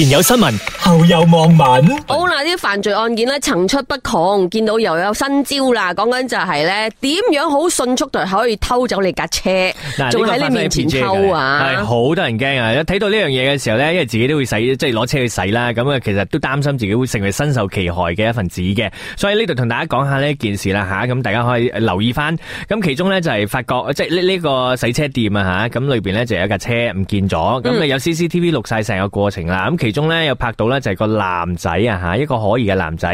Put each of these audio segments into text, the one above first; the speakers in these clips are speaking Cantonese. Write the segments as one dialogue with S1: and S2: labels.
S1: 前有新聞，後有網民。
S2: 好啦，啲犯罪案件咧層出不窮，見到又有新招啦。講緊就係咧，點樣好迅速就可以偷走你架車？嗱，呢個喺你面前偷啊，係
S1: 好多人驚啊！睇到呢樣嘢嘅時候咧，因為自己都會洗，即係攞車去洗啦。咁啊，其實都擔心自己會成為身受其害嘅一份子嘅。所以呢度同大家講下呢件事啦，吓咁大家可以留意翻。咁其中咧就係發覺，即係呢呢個洗車店啊，吓咁裏邊咧就有一架車唔見咗。咁你有 C C T V 錄晒成個過程啦。咁其其中咧有拍到咧，就係個男仔啊吓，一個可疑嘅男仔。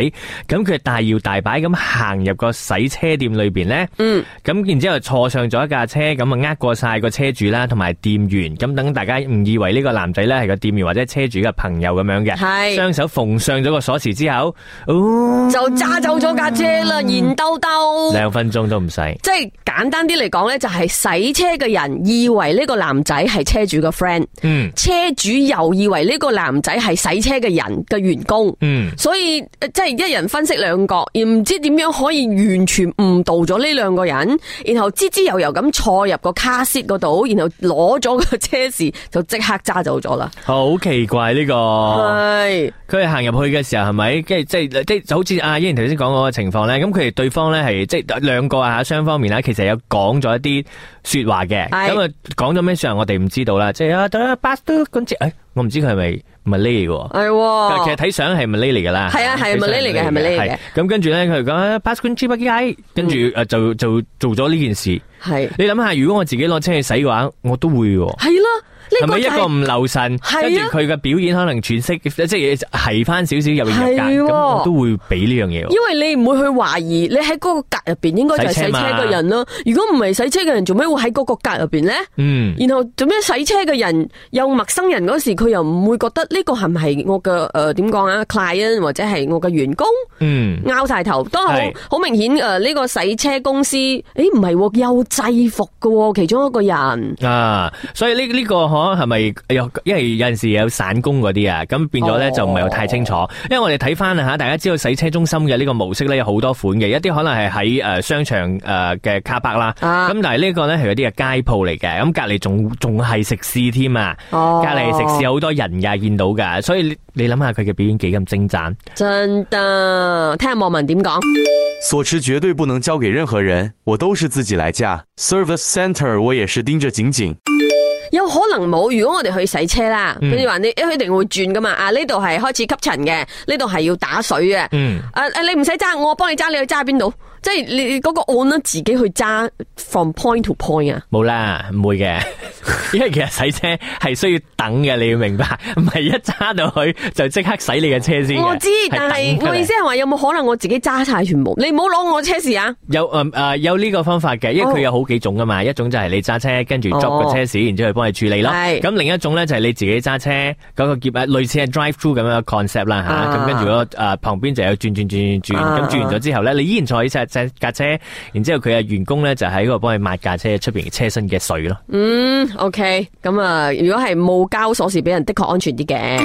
S1: 咁佢大搖大擺咁行入個洗車店裏邊咧，嗯，咁然之後坐上咗一架車，咁啊呃過晒個車主啦，同埋店員，咁等大家唔以為呢個男仔咧係個店員或者車主嘅朋友咁樣嘅，係雙手奉上咗個鎖匙之後，哦就揸走咗架車啦，然
S2: 兜兜兩
S1: 分鐘都唔使，
S2: 即係簡單啲嚟講咧，就係洗車嘅人以為呢個男仔係車主嘅 friend，嗯，車主又以為呢個男。仔係洗車嘅人嘅員工，mm、所以即係一人分飾兩角，而唔知點樣可以完全誤導咗呢兩個人，然後滋滋游游咁坐入個卡士嗰度，然後攞咗個車匙就即刻揸走咗啦。
S1: 好奇怪呢、這個，係佢行入去嘅時候係咪？即係即係即係好似阿依然頭先講嗰個情況咧，咁佢哋對方咧係即係兩個啊，雙方面啊，其實有講咗一啲說話嘅，咁啊講咗咩說話我哋唔知道啦，即係啊我唔知佢係咪咪呢個，係其實睇相係咪呢嚟噶啦，係啊係啊係咪呢嚟嘅，係咪呢嚟嘅？咁跟住咧，佢講 p a s s p o n G P I，跟住誒就就做咗呢件事。係、嗯、你諗下，如果我自己攞車去洗嘅話，我都會。係囉。係咪一個唔留神，就是，跟住佢嘅表演可能詮釋，啊、即係係翻少少入面咁，啊、都會俾呢樣嘢。因
S2: 為你唔會去懷疑，你喺嗰個格入邊應該就係洗車嘅人咯。如果唔係洗車嘅人，做咩會喺嗰個格入邊咧？嗯。然後做咩洗車嘅人又陌生人嗰時，佢又唔會覺得個是是，呃、呢個係唔係我嘅誒點講啊 client 或者係我嘅員工？嗯。拗晒頭都係好明顯誒，呢、呃這個洗車公司誒唔係喎，又，哎、制服嘅其中一個人。
S1: 啊，所以呢呢個。我係咪又因為有陣時有散工嗰啲啊？咁變咗咧就唔係有太清楚，oh. 因為我哋睇翻啊吓，大家知道洗車中心嘅呢個模式咧有好多款嘅，一啲可能係喺誒商場誒嘅卡百啦，咁、oh. 但係呢個咧係有啲嘅街鋪嚟嘅，咁隔籬仲仲係食肆添啊，隔籬、oh. 食肆有好多人噶，見到噶，所以你你諗下佢嘅表演幾咁精湛，
S2: 真得聽下網民點講，
S1: 鎖匙絕對不能交給任何人，我都是自己來駕，service center 我也是盯着景景。」
S2: 有可能冇，如果我哋去洗車啦，比如話你、欸、一去定會轉噶嘛，啊呢度係開始吸塵嘅，呢度係要打水嘅，誒誒、嗯啊、你唔使揸，我幫你揸，你去揸邊度？即係你嗰個按咧自己去揸，from point to point
S1: 啊？冇啦，唔會嘅， 因為其實洗車係需要等嘅，你要明白，唔係一揸到去就即刻洗你嘅車先。我知，但係是我意思係
S2: 話有冇可能我自己揸晒全部？你
S1: 唔好攞我車匙啊！有誒誒、呃，有呢個方法嘅，因為佢有好幾種噶嘛，oh. 一種就係你揸車跟住捉個車匙，然之後去幫你處理咯。咁、oh. 另一種咧就係、是、你自己揸車嗰個結啊，類似係 drive through 咁樣 concept 啦吓。咁、ah. 跟住個誒旁邊就有轉轉轉轉轉，咁轉完咗之後咧，你依然坐喺車。架車，然之後佢嘅員工咧就喺嗰度幫佢抹架車出邊車身嘅水咯。嗯
S2: ，OK，咁、嗯、啊，如果係冇交鎖匙人，俾人的確安全啲嘅。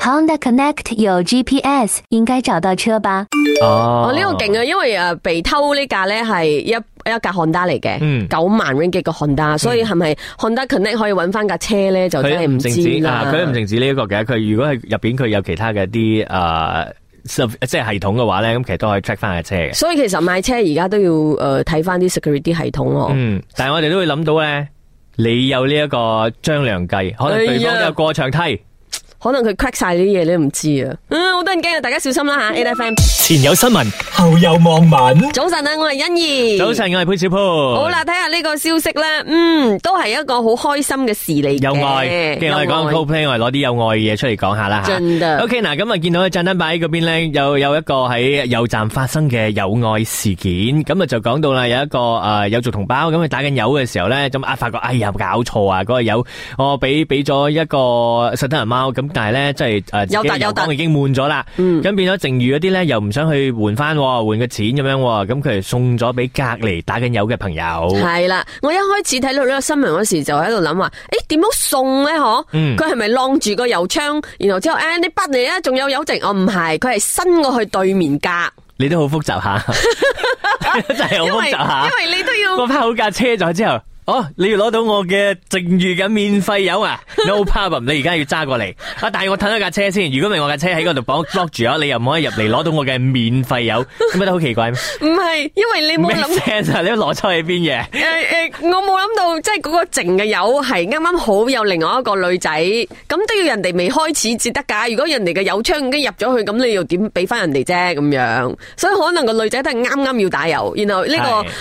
S2: Honda Connect 有 GPS，應該找到車吧？哦，
S1: 呢、哦哦哦這個勁啊，因為
S2: 啊被偷呢架咧係一一,一架 Honda 嚟嘅，九、嗯、萬 range 嘅 Honda，、嗯、所以係咪 Honda Connect 可以揾翻架車咧？就真係唔知啦。佢唔淨
S1: 止呢、這、一個嘅，佢如果係入邊佢有其他嘅啲啊。呃即係系統嘅話咧，咁其實都可以 check 翻，架車嘅。所以
S2: 其實買車而家都要誒睇翻啲 security 系統咯。
S1: 嗯，但係我哋都會諗到咧，你有呢一個張良計，可能對方都有過牆梯。哎
S2: 可能佢 crack 晒呢啲嘢，你都唔知啊！嗯，好多人驚啊，大家小心啦吓！AiFM
S1: 前有新聞，後有網民。
S2: 早晨啊，我係欣怡。早晨，
S1: 我係潘小鋪。好啦，
S2: 睇下呢個消息咧，嗯，都係一個好開心嘅事嚟嘅。有愛，我哋講 complain，
S1: 我哋攞啲有愛嘅嘢出嚟講下啦吓。真嘅。O. K. 嗱，咁啊見到喺震燈擺嗰邊咧，有有一個喺油站發生嘅有愛事件，咁啊就講到啦，有一個誒友族同胞咁佢打緊油嘅時候咧，咁啊發覺哎呀搞錯啊，嗰個油我俾俾咗一個拾燈人貓咁。但係咧，即係誒，自己油缸已經滿咗啦，咁變咗剩餘嗰啲咧，又唔想去換翻換個錢咁樣，咁佢送咗俾隔籬打緊油嘅朋友。係
S2: 啦，我一開始睇到呢個新聞嗰時，就喺度諗話，誒、欸，點樣送咧？嗬、嗯，佢係咪晾住個油槍，然後之後誒、啊，你崩嚟啦，仲有油剩？我唔係，佢係伸過去對面隔。
S1: 你都好複雜下，真係好複雜吓， 因為你都要 我好架車咗之後。哦，你要攞到我嘅剩餘嘅免費油啊？No problem！你而家要揸過嚟啊！但係我褪咗架車先，如果唔係我架車喺嗰度幫我 lock 住咗，你又唔可以入嚟攞到我嘅免費油，覺得好奇怪咩？
S2: 唔係，因為你冇諗咩
S1: 聲啊！你都攞出去邊嘢？誒誒，
S2: 我冇諗到，即係嗰個剩嘅油係啱啱好有另外一個女仔，咁都要人哋未開始至得噶。如果人哋嘅油槍已經入咗去，咁你又點俾翻人哋啫？咁樣，所以可能個女仔都係啱啱要打油，然後呢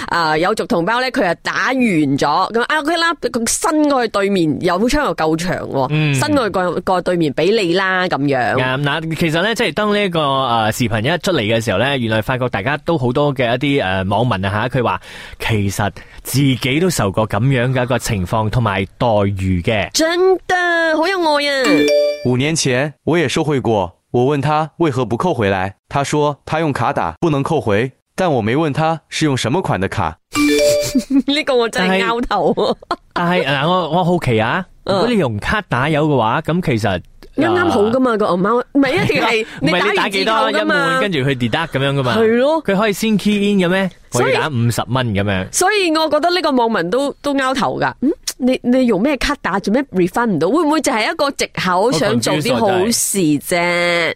S2: 個啊友族同胞咧，佢係打完咗。咁啊，佢啦、哦，佢伸過去對面，又槍又夠長，伸過去過過對面俾你啦，咁樣。
S1: 嗱、嗯，其實咧，即係當呢、這、一個誒視頻一出嚟嘅時候咧，原來發覺大家都好多嘅一啲誒、呃、網民啊吓，佢話其實自己都受過咁樣嘅一個情況同埋待遇嘅。
S2: 真的好有愛啊！
S1: 五年前我也受惠過，我問他為何不扣回來，他說他用卡打不能扣回，但我沒問他是用什麼款的卡。
S2: 呢 個我真係拗頭
S1: 但是， 但係嗱，我我好奇啊， 如果你用卡打油嘅話，咁其實。啱
S2: 啱好噶嘛個紅包，唔係一定係，唔係你打幾多一蚊，跟
S1: 住佢 deduct 咁樣噶嘛？係咯，佢可以先 key in 嘅咩？可以打五十蚊咁樣。
S2: 所以我覺得呢個網民都都拗頭噶，嗯，你你用咩卡打，做咩 refund 唔到？會唔會就係一個借口想做啲好
S1: 事啫？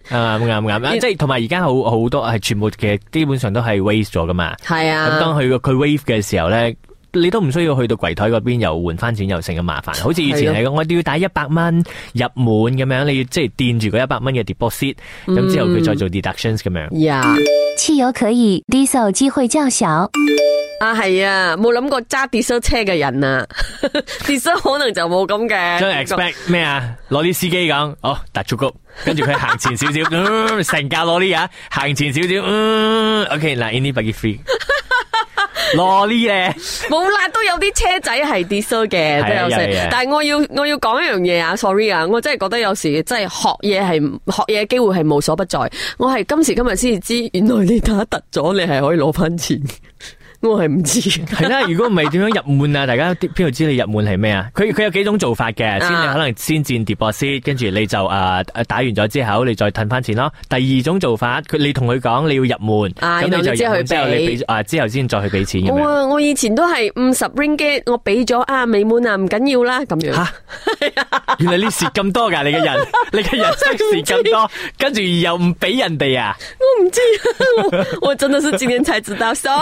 S1: 啊，啱啱啊，即係同埋而家好好多係全部其實基本上都係 waste 咗噶嘛。係啊，咁當佢個佢 wave 嘅時候咧。你都唔需要去到櫃台嗰邊又換翻錢又成咁麻煩，好似以前係咁， 我都要打一百蚊入門咁樣，你要即係墊住嗰一百蚊嘅 deposit，咁之後佢再做 deductions 咁樣。呀，Yeah. 汽油可
S2: 以，Diesel 機會較小。啊，係啊，冇諗過揸 Diesel 車嘅人啊 Diesel 可能就冇咁嘅。將能 expect
S1: 咩啊還？攞啲司機咁，哦，踏足谷，跟住佢行前少少，成、 嗯、架攞啲啊，行前少少，嗯，OK，嗱，anybody free。
S2: 羅呢嘢，冇辣都有啲車仔係 d i s 嘅， 都有、啊啊啊啊、但係我要我要講一樣嘢啊，sorry 啊，我真係覺得有時真係學嘢係學嘢嘅機會係無所不在。我係今時今日先至知，原來你打突
S1: 咗，你係可以攞翻錢。 我係唔知，係啦。如果唔係點樣入滿啊？大家邊度知你入滿係咩啊？佢佢有幾種做法嘅，先你可能先戰碟博先，跟住你就啊打完咗之後，你再褪翻錢咯。第二種做法，佢你同佢講你要入滿，咁你就入，之後你俾啊之後先再去俾錢。
S2: 我以前都係五十 ringgit，我俾咗啊未滿啊，唔緊要啦咁樣。
S1: 原來你蝕咁多噶，你嘅人，你嘅人真係蝕咁多，跟住又唔俾人哋啊？我唔知，我真
S2: 的是今年才知道 s o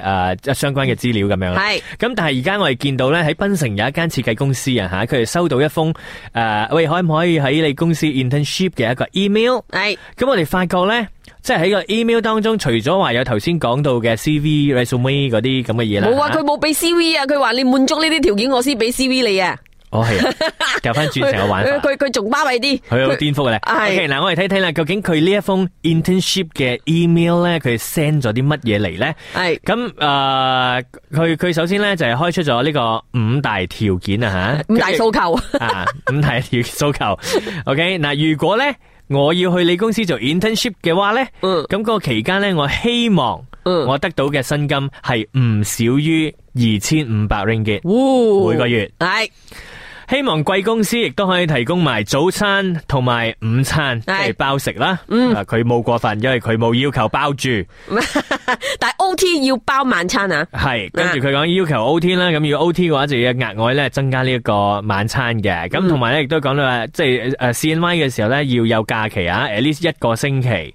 S1: 誒，相關嘅資料咁樣啦，係咁。但係而家我哋見到咧，喺檳城有一間設計公司啊，吓佢哋收到一封誒，喂，可唔可以喺你公司 internship 嘅一個 email？係咁，我哋發覺咧，即係喺個 email 當中，除咗話有頭先講到嘅 CV resume 嗰啲咁嘅嘢啦，冇啊，佢
S2: 冇俾 CV 啊，佢話你滿足呢啲條件，我先俾 CV 你啊。
S1: 我係啊，搞翻轉成個玩法。
S2: 佢佢仲巴閉啲，佢好
S1: 顛覆嘅咧。係，嗱我嚟睇睇啦，究竟佢呢一封 internship 嘅 email 咧，佢 send 咗啲乜嘢嚟咧？係，咁誒，佢佢首先咧就係開出咗呢個五大條件啊吓。五大訴求啊，五大條訴求。OK，嗱，如果咧我要去你公司做 internship 嘅話咧，嗯，咁嗰個期間咧，我希望，嗯，我得到嘅薪金係唔少於二千五百 ringgit，每個月係。希望貴公司亦都可以提供埋早餐同埋午餐，即係包食啦。嗱，佢、嗯、冇過分，因為佢冇要求包住，
S2: 但係 O T 要包晚餐啊。係，
S1: 跟住佢講要求 O T 啦，咁要 O T 嘅話就要額外咧增加呢一個晚餐嘅。咁同埋咧亦都講到話，即係誒 C N Y 嘅時候咧要有假期啊，at least 一個星期。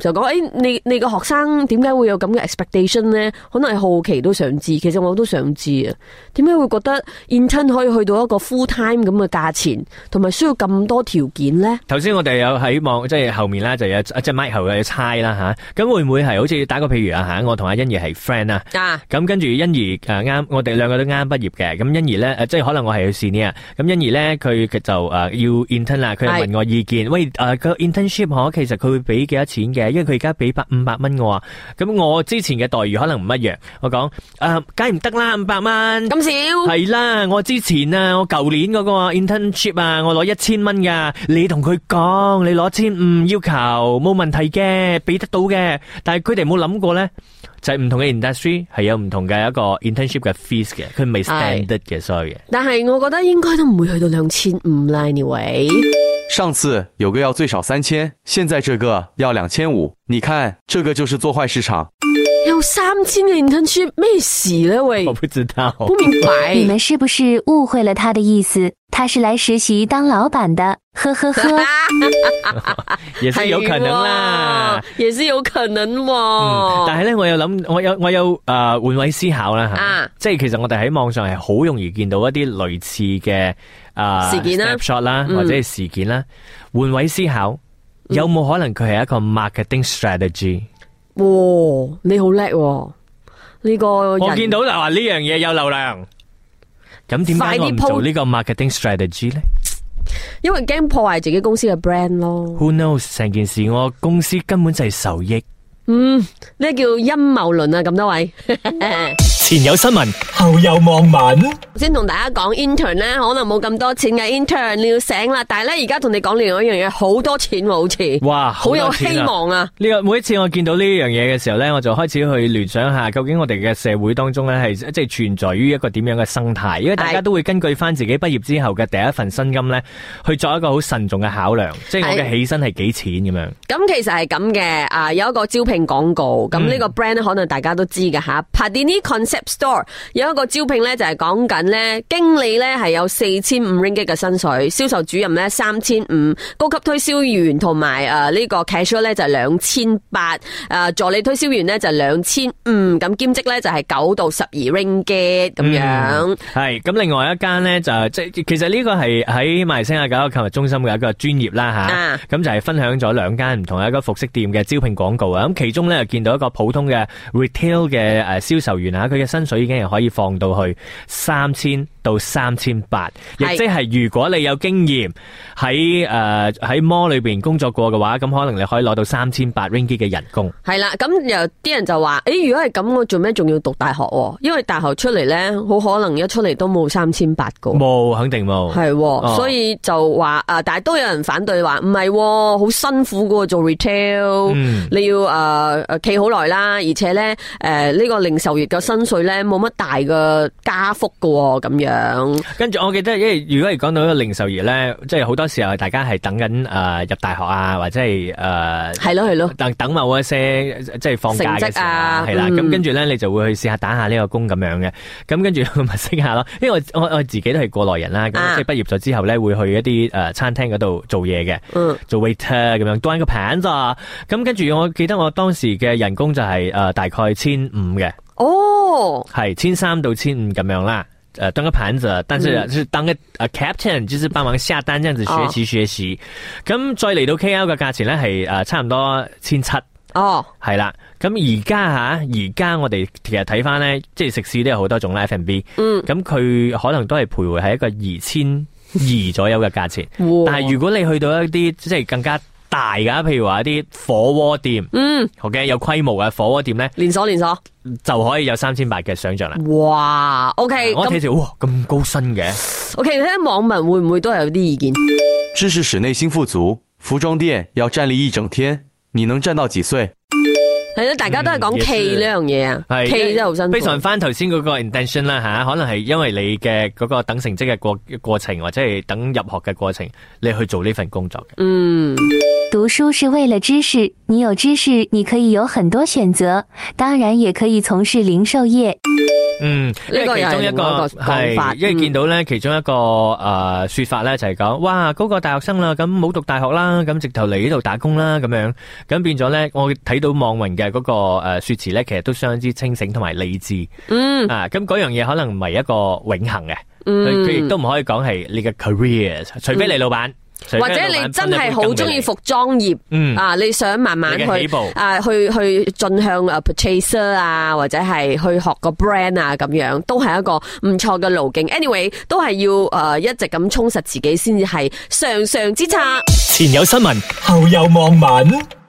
S2: 就講誒，你你個學生點解會有咁嘅 expectation 咧？可能係好奇都想知，其實我都想知啊。點解會覺得 intern 可以去到一個 full time 咁嘅價錢，同埋需要咁多條件咧？
S1: 頭先我哋有喺網即係後面啦，就有即係 Michael 後嘅猜啦吓。咁會唔會係好似打個譬如啊吓？我同阿欣怡係 friend 啊，咁跟住欣怡誒啱，我哋兩個都啱畢業嘅。咁欣怡咧誒，即係可能我係去試呢啊。咁欣怡咧佢佢就誒要 intern 啦，佢問我意見，喂誒個 internship 可其實佢會俾幾多錢嘅？因為佢而家俾百五百蚊我話，咁我之前嘅待遇可能唔一樣。我講誒，梗係唔得啦，五百蚊咁少，係啦。我之前啊，我舊年嗰個 internship 啊，我攞一千蚊噶。你同佢講，你攞千五要求冇問題嘅，俾得到嘅。但係佢哋冇諗過咧，就係唔同嘅 industry 係有唔同嘅一個 internship 嘅 fees 嘅，佢唔係 standard 嘅，sorry。
S2: 但係我覺得應該都唔會去到兩千五啦，anyway。
S1: 上次有個要最少三千，現在這個要兩千五，你看，這個就是做壞市場。
S2: 有三千年吞食咩事咧？喂，
S1: 我不知道，不明白。你
S2: 們是不是誤會了他的意思？他是來實習當老闆的。呵呵呵，
S1: 也是有可能啦，
S2: 也是有可能喎、嗯。但
S1: 係咧，我又諗，我有我有誒、換、呃、位思考啦吓，即係、啊、其實我哋喺網上係好容易見到一啲類似嘅誒事件啦、shot 啦或者係事件啦。換位思考，嗯、有冇可能佢係一個 marketing strategy？
S2: 哦、你好叻、哦！呢、這個我見到
S1: 就話呢樣嘢有流量，咁點解我唔做個呢個 marketing strategy 咧？
S2: 因為驚破壞自己公司嘅 brand 咯。Who
S1: knows？成件事我公司根本就係受益。嗯，
S2: 呢叫陰謀論啊！咁多位。
S1: 前有新聞，後有網民。
S2: 先同大家講 intern 咧，可能冇咁多錢嘅 intern，你要醒啦。但係咧，而家同你講另外一樣嘢，好多錢喎，好似哇，好有希望
S1: 啊！呢個每一次我見到呢樣嘢嘅時候咧，我就開始去聯想下，究竟我哋嘅社會當中咧係即係存在於一個點樣嘅生態？因為大家都會根據翻自己畢業之後嘅第一份薪金咧，去作一個好慎重嘅考量，即係我嘅起薪係幾錢咁樣。
S2: 咁其實係咁嘅啊，有一個招聘廣告，咁呢個 brand 咧，可能大家都知㗎吓，Pardini Concept。store 有一個招聘咧就係講緊咧經理咧係有四千五 ringgit 嘅薪水，銷售主任咧三千五，高級推銷員同埋誒呢個 cashier 咧就兩千八，誒助理推銷員咧就兩千五，咁兼職咧就係九到十二 ringgit 咁樣。
S1: 係咁，另外一間咧就即係其實呢個係喺馬來西亞搞個購物中心嘅一個專業啦吓，咁、啊啊、就係分享咗兩間唔同一個服飾店嘅招聘廣告啊，咁其中咧又見到一個普通嘅 retail 嘅誒銷售員啊嘅薪水已經係可以放到去三千到三千八，亦即係如果你有經驗喺誒喺 mall 裏邊工作過嘅話，咁可能你可以攞到三千八 ringgit 嘅人工。
S2: 係啦，咁有啲人就話，誒，如果係咁，我做咩仲要讀大學？因為大學出嚟咧，好可能一出嚟都冇三千八
S1: 個。冇，肯定冇。係，所以
S2: 就話誒，但係都有人反對話，唔係，好辛苦噶做 retail，你要誒誒企好耐啦，而且咧誒呢個零售業嘅薪水。佢咧冇乜大嘅加幅㗎，咁樣，
S1: 跟住我記得，因為如果係講到零售業咧，即係好多時候係大家係等緊誒入大學啊，或者係誒係咯係咯，等等某一些即係放假嘅時候係啦。咁跟住咧，你就會去試下打下呢個工咁樣嘅。咁跟住咪識下咯，因為我我我自己都係過來人啦。咁即係畢業咗之後咧，會去一啲誒餐廳嗰度做嘢嘅，做 waiter 咁樣，端個盤咋。咁跟住我記得我當時嘅人工就係誒大概千五嘅。哦，係千三到千五咁樣啦，誒，當個盤子，但是係、mm. 當個誒 captain，就是幫忙下單，這樣子學習學習。咁、oh. 再嚟到 K L 嘅價錢咧，係誒差唔多千七、oh.。哦，係啦，咁而家吓，而家我哋其實睇翻咧，即係食肆都有好多種啦，F&B。嗯，咁佢可能都係徘徊喺一個二千二左右嘅價錢。Oh. 但係如果你去到一啲即係更加。大噶，譬如話一啲火鍋店，嗯，好嘅、okay，有規模嘅火鍋店咧，連鎖連鎖就可以有三千八嘅想進力想像啦。哇，O、okay, K，啊、我咁、嗯、哇咁高薪嘅。
S2: O K，睇下網民會唔會都有啲意見。
S1: 知識使內心富足，服裝店要站立一整天，你能站到幾歲？
S2: 係啊、嗯，大家都係講企呢樣嘢啊，
S1: 企是真係好辛苦。非常翻頭先嗰個 intention 啦吓，可能係因為你嘅嗰個等成績嘅過過程，或者係等入學嘅過程，你去做呢份工作嘅。嗯。讀書是為了知識，你有知識，你可以有很多選擇，當然也可以從事零售業。嗯，呢個其中一個係，因為見到咧、嗯、其中一個誒、呃、說法咧就係、是、講，哇，嗰、那個大學生啦，咁冇讀大學啦，咁直頭嚟呢度打工啦，咁樣，咁變咗咧，我睇到網民嘅嗰個誒說辭咧，其實都相當之清醒同埋理智。嗯啊，咁樣嘢可能唔係一個永恆嘅，佢、嗯、亦都唔可以講係你嘅 career，除非你老闆。或者你真係好中意服
S2: 裝業，嗯、啊，你想慢慢去啊，去去進向啊 purchaser 啊，或者係去學個 brand 啊，咁樣都係一個唔錯嘅路徑。Anyway，都係要誒、呃、一直咁充實自己，先至係上上之策。
S1: 前有新聞，後有網民。